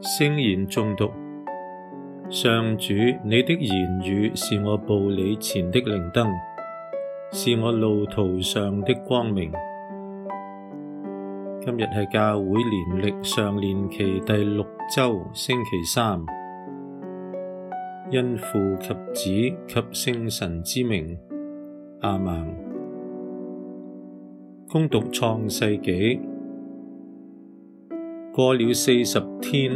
聖言誦讀，上主，你的言語是我步履前的靈燈，是我路途上的光明。今日係教會年曆常年期第六周星期三。因父及子及聖神之名，阿曼。恭讀創世紀。過了四十天，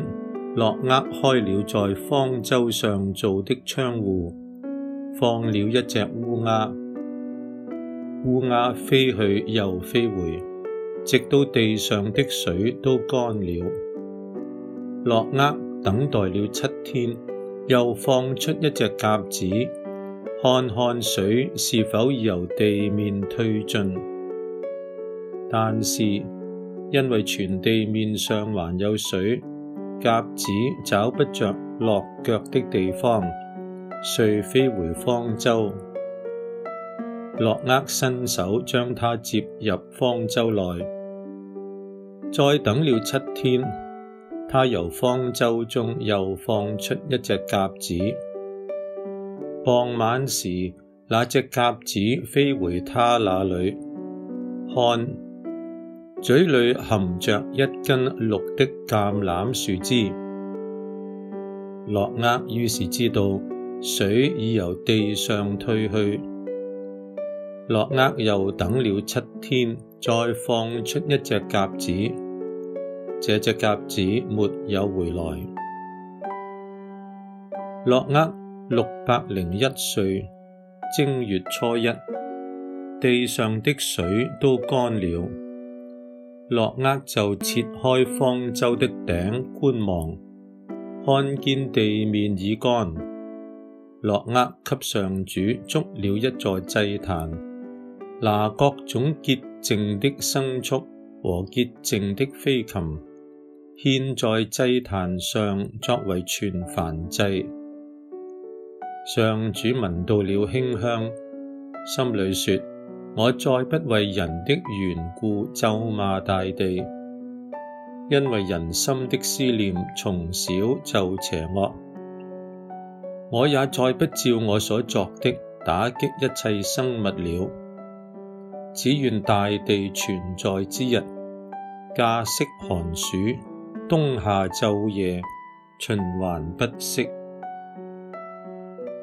諾厄開了在方舟上造的窗戶，放了一隻烏鴉。烏鴉飛去又飛回，直到地上的水都乾了。諾厄等待了七天。又放出一隻鴿子，看看水是否由地面退盡。但是，因為全地面上還有水，鴿子找不着落腳的地方，遂飛回方舟。諾厄伸手將它接入方舟內，再等了七天。他由方舟中又放出一隻鴿子，傍晚時，那隻鴿子飛回他那裏，看，嘴裏啣著一根綠的橄欖樹枝。諾厄於是知道水已由地上退去。諾厄又等了七天，再放出一隻鴿子。這隻鴿子沒有回來。諾厄六百零一歲，正月初一，地上的水都乾了。諾厄就撤開方舟的頂觀望，看見地面已乾。諾厄給上主築了一座祭壇，拿各種潔淨的牲畜和潔淨的飛禽。獻在祭壇上，作為全燔祭。上主聞到了馨香，心裏說：我再不為人的緣故咒罵大地，因為人心的思念從小就邪惡。我也再不照我所作的打擊一切生物了，只願大地存在之日，稼穡寒暑。冬夏晝夜循環不息，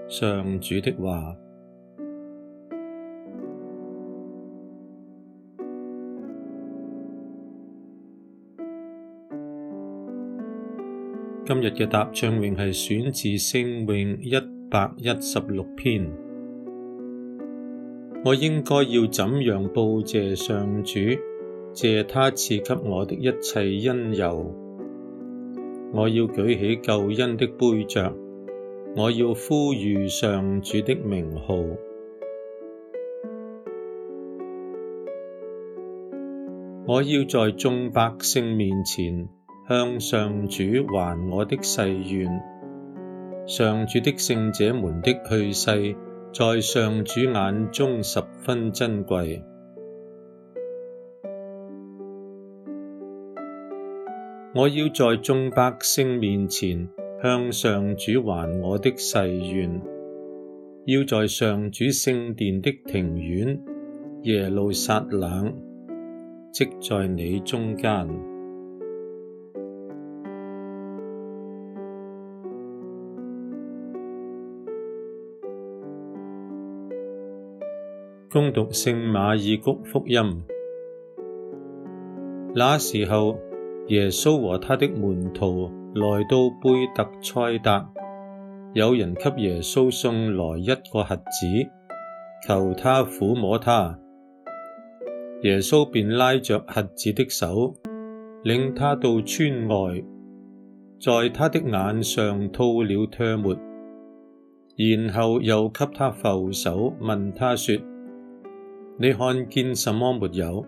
上主的話。今日嘅答唱詠係選自《聖詠》一百一十六篇。我應該要怎樣報謝上主？謝他賜給我的一切恩佑。我要舉起救恩的杯爵，我要呼籲上主的名號。我要在眾百姓面前，向上主還我的誓願。上主的聖者們的去世，在上主眼中十分珍貴。我要在眾百姓面前向上主還我的誓願，要在上主聖殿的庭院，耶路撒冷，即在你中間。恭讀聖馬爾谷福音，那時候。耶穌和他的門徒來到貝特賽達，有人給耶穌送來一個瞎子，求他撫摸他。耶穌便拉着瞎子的手，領他到村外，在他的眼上吐了唾沫，然後又給他覆手，問他說：你看見什麼沒有？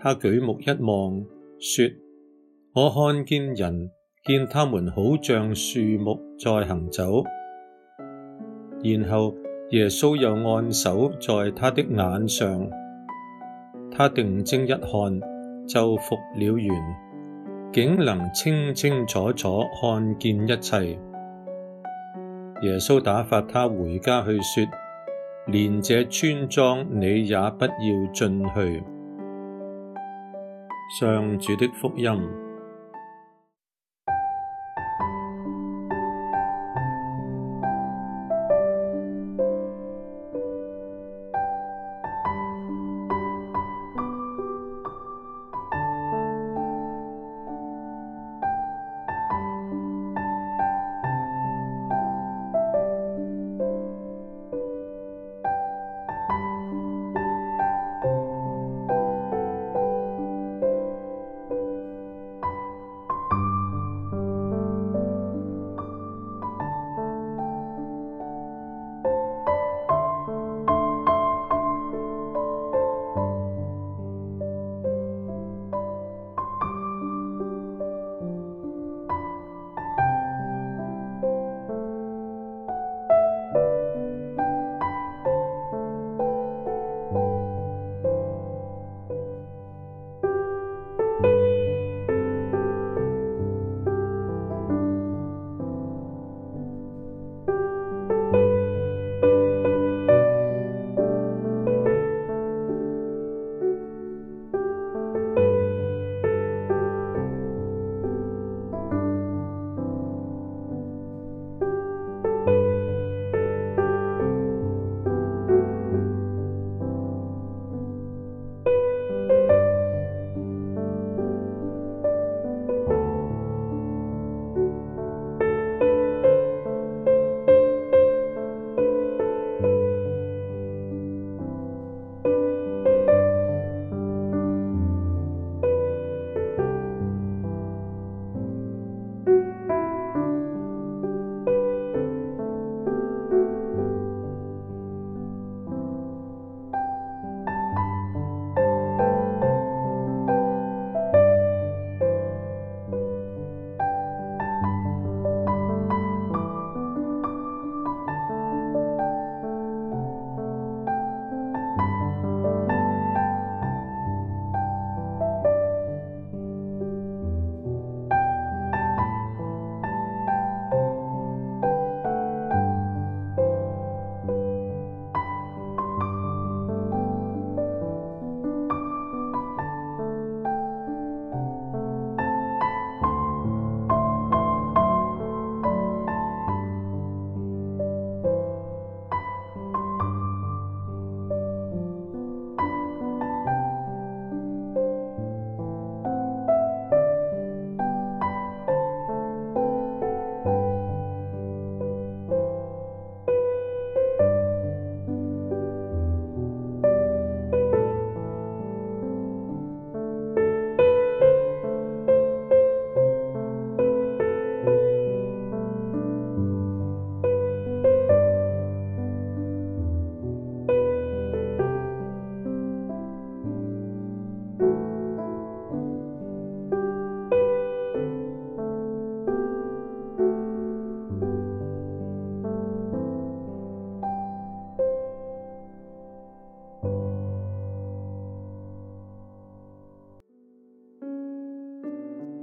他舉目一望。說：我看見人，見他們好像樹木在行走。然後耶穌又按手在他的眼上，他定睛一看，就復了原，竟能清清楚楚看見一切。耶穌打發他回家去說：連這村莊你也不要進去。上主的福音。